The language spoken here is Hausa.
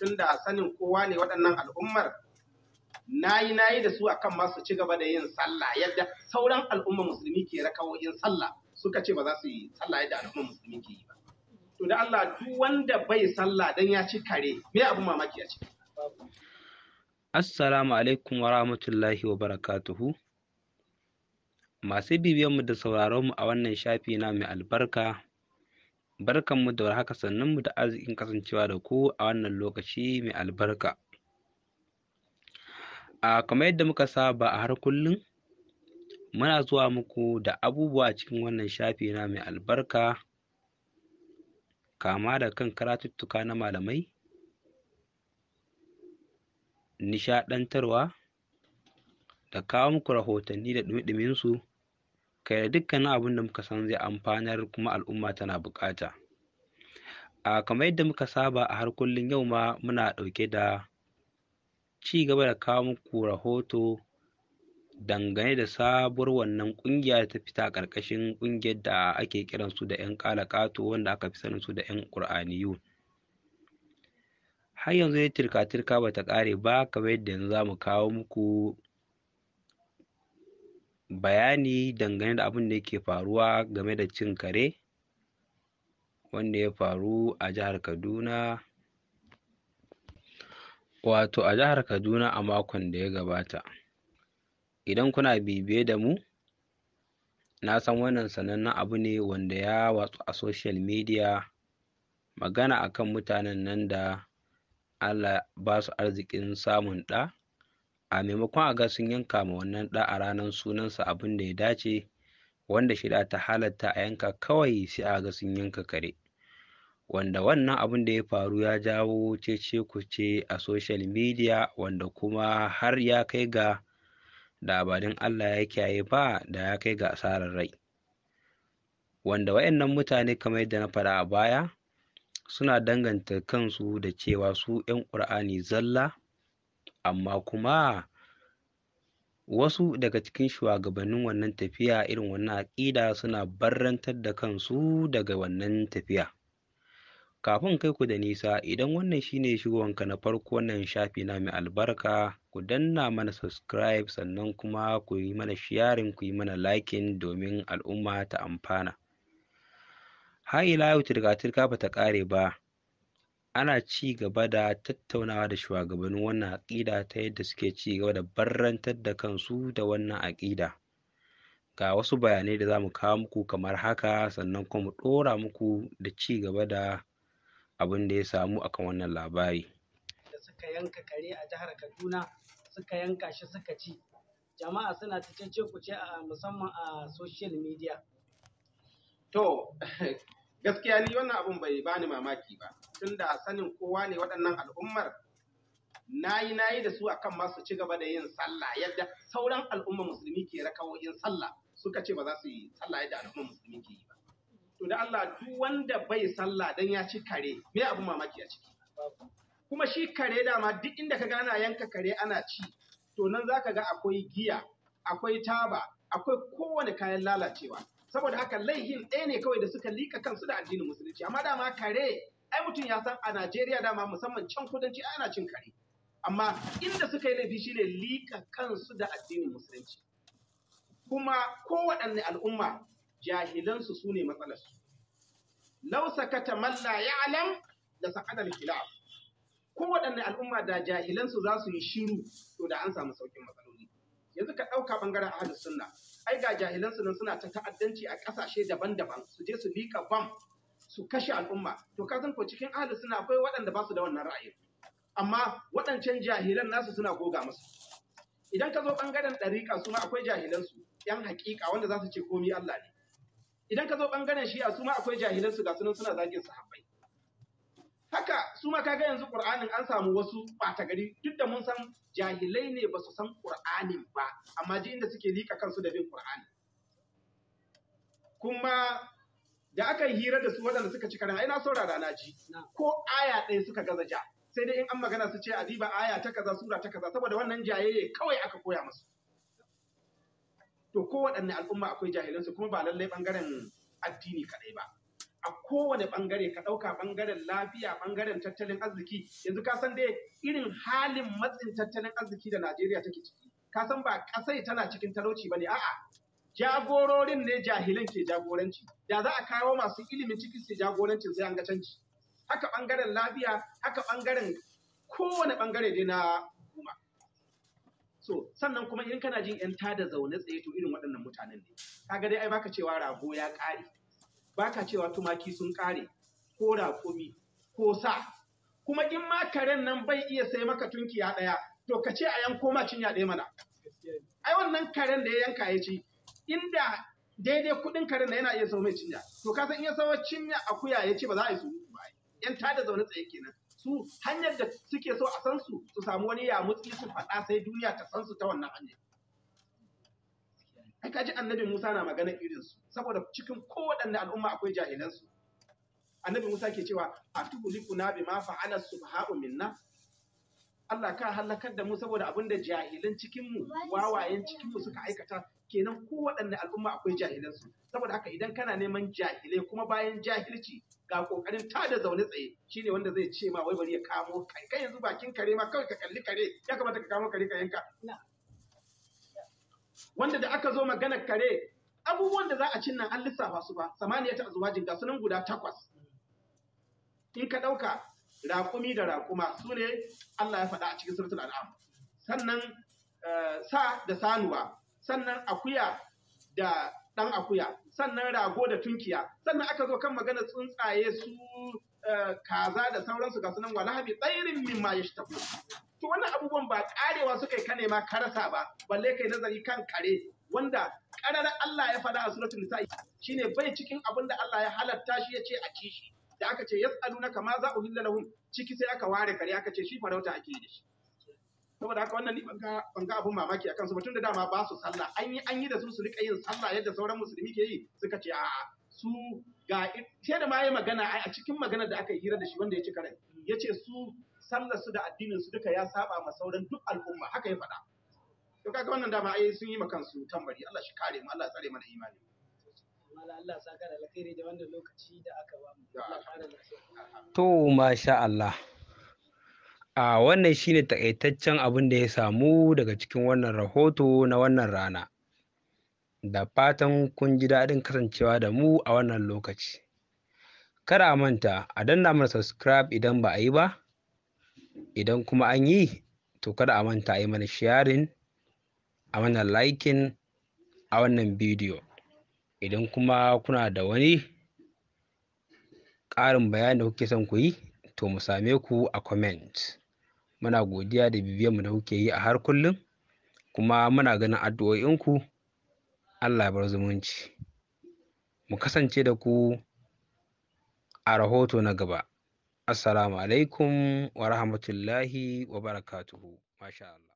tunda sanin kowa ne waɗannan al'ummar nayi nayi da su akan masu ci gaba da yin sallah yadda sauran al'ummar musulmi ke rakawo rakawoyin sallah suka ce ba za su yi sallah yadda al'ummar musulmi ke yi ba to da Allah duk wanda bai sallah dan ya ci kare me abin mamaki a ciki Assalamu alaikum wa rahmatullahi wa barakatuhu masu bibiyanmu da sauraronmu a wannan shafi na mai albarka Barkanmu da warhaka sannunmu da arzikin kasancewa da ku a wannan lokaci mai albarka. A kamar yadda muka saba a har kullum muna zuwa muku da abubuwa cikin wannan shafi na mai albarka kama da kan karatuttuka na malamai, nishaɗantarwa da kawo muku rahotanni da ɗumi-ɗuminsu ka yi dukkanin abin da muka san zai amfanar kuma al'umma tana bukata a kamar yadda muka saba a har kullum yau ma muna ɗauke da ci gaba da kawo muku rahoto dangane da sabuwar wannan ƙungiya da ta fita a ƙarƙashin ƙungiyar da ake kiransu da 'yan kato wanda aka fi sanin su da 'yan ƙur'aniyu har yanzu dai tirka-tirka ba ta ƙare ba kamar yadda yanzu za mu kawo muku bayani dangane da abin da yake faruwa game da cin kare wanda ya faru a jihar kaduna wato a jihar kaduna a makon da ya gabata idan kuna bibiye da mu na san wannan sanannen abu ne wanda ya watsu a social media magana akan mutanen nan da allah ba su arzikin samun ɗa a maimakon a ga sun yanka ma wannan ɗa a ranar sunansa abin da ya dace wanda shida ta halatta a yanka kawai sai a ga sun yanka kare wanda wannan abin da ya faru ya jawo cece ce a social media wanda kuma har ya kai ga da abadin Allah ya kiyaye ba da ya kai ga asarar rai wanda wayannan mutane kamar yadda na faɗa a baya suna danganta kansu da cewa su 'yan ƙur'ani zalla amma kuma wasu daga cikin shugabannin wannan tafiya irin wannan aƙida suna barrantar da kansu daga wannan tafiya kafin kai ku da nisa idan wannan shine shigowanka na farko wannan shafi na mai albarka ku danna mana subscribe sannan kuma ku yi mana sharin ku yi mana liking domin al'umma ta amfana har ila yau tirka-tirka ba ta ƙare ba ana ci gaba da tattaunawa da shugabannin wannan aƙida ta yadda suke ci gaba da barrantar da kansu da wannan aƙida ga wasu bayanai da za mu kawo muku kamar haka sannan kuma mu ɗora muku da ci gaba da abin da ya samu akan wannan labari da suka yanka kare a jihar kaduna suka yanka shi suka ci jama'a suna ta cece ce a musamman a social media to gaskiya ni wannan abun bai bani mamaki ba tunda sanin kowa ne waɗannan al'ummar Na yi na yi da su akan masu ci gaba da yin sallah yadda sauran al'ummar musulmi ke rakawo yin sallah suka ce ba za su yi sallah yadda al'ummar musulmi ke yi ba to da Allah duk wanda bai sallah dan ya ci kare me abun mamaki a ciki kuma shi kare dama duk inda ka gana yanka kare ana ci to nan zaka ga akwai giya akwai taba akwai kowane kayan lalacewa saboda haka laihin ɗaya ne kawai da suka lika kansu da addinin musulunci amma dama kare ai mutum ya san a Najeriya dama musamman can kudanci ana cin kare amma inda suka yi laifi shine lika kansu da addinin musulunci kuma kowaɗanne al'umma jahilansu su ne matsalarsu lau sakata malla ya alam da sa'adar khilaf kowaɗanne al'umma da jahilansu za su yi shiru to da an samu saukin matsaloli yanzu ka ɗauka ɓangaren ahalus sunna ai ga jahilan su suna ta ta'addanci a kasashe daban-daban su je su liƙa bam su kashe al'umma to ka san ko cikin ahli suna akwai waɗanda ba su da wannan ra'ayin amma waɗancan jahilan nasu suna goga musu idan ka zo ɓangaren ɗariƙa su ma akwai jahilan yan haƙiƙa wanda za su ce komi Allah ne idan ka zo ɓangaren shi'a su ma akwai jahilan su ga sunan suna zagin sahabbai haka su ma kaga yanzu qur'anin an samu wasu bata gari duk da mun san jahilai ne ba su san qur'anin ba amma ji inda suke lika kansu da bin qur'ani kuma da aka yi hira da su waɗanda suka ci karan ai na saurara na ji ko aya ɗaya suka gaza ja sai dai in an magana su ce adiba aya ta kaza sura ta kaza saboda wannan jayayye kawai aka koya musu to ko waɗanne al'umma akwai jahilansu kuma ba lallai ɓangaren addini kaɗai ba kowane bangare ka ɗauka bangaren lafiya bangaren tattalin arziki yanzu ka san dai irin halin matsin tattalin arziki da Najeriya take ciki ka san ba kasai tana cikin talauci ne. a'a jagororin ne jahilan ke jagoranci da za a kawo masu ilimin ciki su jagorancin sai an ga canji haka bangaren lafiya haka bangaren kowane bangare dai na hukuma so sannan kuma in kana jin yan tada zaune tsaye to irin waɗannan mutanen ne kaga dai ai baka cewa rago ya ƙare baka cewa tumaki sun kare ko raƙumi ko sa kuma in ma karen nan bai iya sai maka tunkiya ɗaya to ka ce a yanko ma cinya ɗaya mana ai wannan karen da ya yanka ya ci inda daidai kuɗin karen da yana iya sau mai cinya to ka san iya sau cinya akuya ya ce ba za a yi su ba yan da zaune tsaye kenan su hanyar da suke so a san su su samu wani yamutsi su faɗa sai duniya ta san su ta wannan hanyar ai ji annabi Musa na magana irin su saboda cikin kowaɗanne al'umma akwai jahilan su annabi Musa ke cewa bi bima fa'ala subha'u minna Allah ka halakar da mu saboda abin da jahilan cikinmu wawayen cikinmu suka aikata kenan kowaɗanne al'umma akwai jahilansu saboda haka idan kana neman jahilai kuma bayan jahilci ga kokarin ta da zaune tsaye shine wanda zai ce ma wai bari ya kamo kai kai yanzu bakin kare ma kawai ka kalli kare ya kamata ka kamo kare ka wanda da aka zo magana kare abubuwan da za a cin nan an lissafa su ba samaniya ta azwajin ga sunan guda takwas in ka ɗauka raƙumi da raƙuma su ne Allah ya faɗa a cikin suratul al'am sannan eh, sa da sanuwa sannan akuya da ɗan akuya sannan rago da tunkiya sannan aka zo kan magana tsuntsaye su eh, kaza da sauransu ga sunan wala habi tsairin mimma yashtaku to wannan abubuwan ba karewa suka yi kane ma karasa ba balle kai nazari kan kare wanda karar Allah ya fada a suratul nisa shine bai cikin abin da Allah ya halatta shi yace a ci shi da aka ce yas'alunaka ma za uhilla lahum ciki sai aka ware kare aka ce shi farauta ake da shi saboda haka wannan ni ban ga abun mamaki akan su tun da dama ba su sallah an yi an yi da su su rika yin sallah yadda sauran musulmi ke yi suka ce a su ga sai da ma yi magana a cikin magana da aka yi hira da shi wanda ya ci karai ya su sallar su da addinin su duka ya saba ma sauran duk al'umma haka ya faɗa to kaga wannan dama ai sun yi ma kansu tambari Allah shi kare mu Allah tsare mana imani mala Allah saka da alkhairi da wannan lokaci da aka ba mu to masha Allah a wannan shine takaitaccen abin da ya samu daga cikin wannan rahoto na wannan rana da fatan kun ji daɗin kasancewa da mu a wannan lokaci kada a manta a danna mana subscribe idan ba a yi ba idan kuma an yi to kada a manta a yi mana sharing a mana liking a wannan bidiyo idan kuma kuna da wani ƙarin bayani da kuke son ku yi to mu same ku a comment muna godiya da bibiyanmu da kuke yi a har kullum kuma muna ganin addu'o'inku allah ya bar zumunci mu kasance da ku a rahoto na gaba Assalamu alaikum wa rahmatullahi wa barakatuhu. Masha Allah.